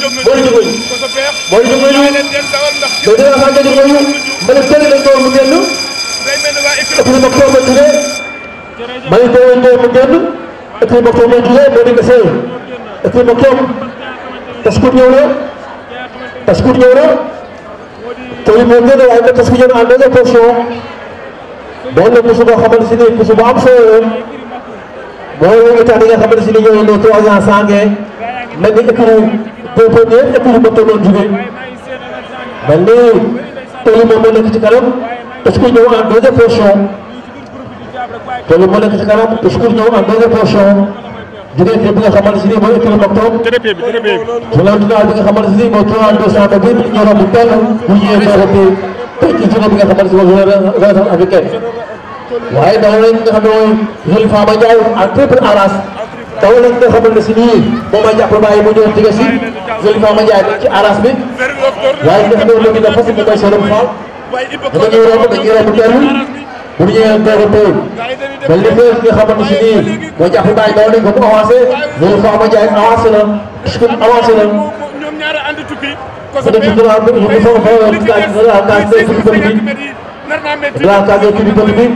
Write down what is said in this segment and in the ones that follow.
boole jóg nañu boole jóg nañu mais dina xam ne jóg nañu ma ne tënk nañ ko mu génn et puis ma ko ma jugee ma ne tënk nañ ko mu génn et puis ma ko ma jugee ma ne nga seey et puis ma toog taskuut ñëw na taskuut ñëw na tey moo gën a waaye ba taskuut ñëw na ànd ak caution doon na musu boo xamante si ni musu bu am solo la mooy état yi nga xamante si ni ñoo ñëw trois ans sàngee mel ni écrou pépinière et puis ba tolloon jugee mel ni tollu moom moo nekk ci kanam discours ñëw en deuxième portion tollu moo nekk ci kanam discours ñëw en deuxième portion jugee kii bi nga xamante ne mooy école Moktoom jëlaat naa bi nga xamante ne mooy 3 200 bi ñu romb benn bu ñëwee ñaareel tey ci journée bi nga xamante ne mooy région africaine waaye daaw lañ nga xam ne mooy Jules Fama Ndiaye en triple arras taw lañ ko xamal ne si nii moom a jàpp bàyyi mu ñëw jege si Zulfa ma jaay ci aras bi waaye ndax loolu léegi dafa si mu koy solo faal dama ñëw romb dañuy romb teelul bu ñu ñëwee teelul teelul ba li fee nga xamante si nii moo jàpp bàyyi daw nañ ko mu avancé Zulfa ma jaay avancé na Scoop avancé na mu dem ci gannaaw bi ñu fa fa gaañ gannaaw gaañ gaañ bi bi gannaaw gaañ bi bi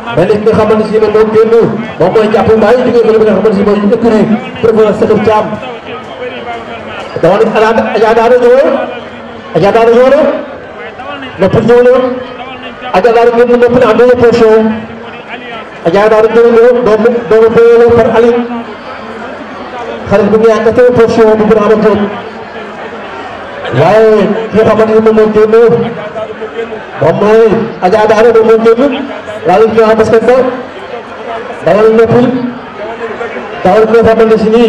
Balik ke Khaman Sima Lom Dulu Mampu yang capung baik juga Kalau benar Khaman Sima Juga kering Perbulan satu jam Dawan Ajak ada tu Ajak ada tu Lepas dulu Ajak ada tu Lepas ada tu Poso Ajak ada tu Dua puluh per alih Khalid dunia Kata Poso Beberapa tu Baik Khaman Sima Lom Dulu Mampu Ajak ada tu Lom Dulu lalu ke atas kantor dalam lima puluh tahun kefahaman di sini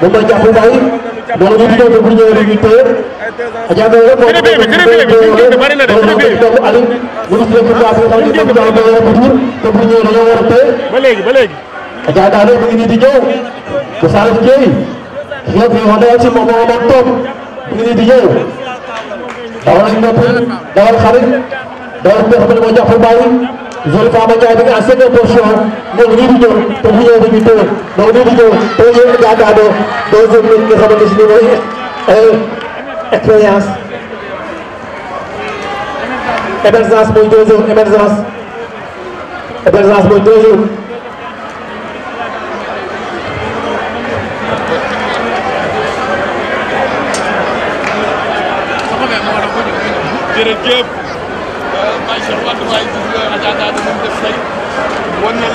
membaca pemain melalui video terpunya dari Twitter hanya ada orang yang berbicara alim mengurus dia kerja apa kita berbicara dengan betul terpunya dengan orang balik balik hanya ada orang begini dia besar sekali dia berhadap si mama motor begini dia dalam lima puluh dalam hari dalam kefahaman membaca pemain zone Fama Ndiaye bi nga à cinquième position ñoom ñii di ñëw te bu ñëwee dañuy tëwal donc ñii di ñëw premier gàddaadoo deuxième nit nga xamante si ni mooy eh, expérience émergence mooy deuxième émergence émergence mooy deuxième jërëjëf mashallah da wa'azi a jata da mun da sai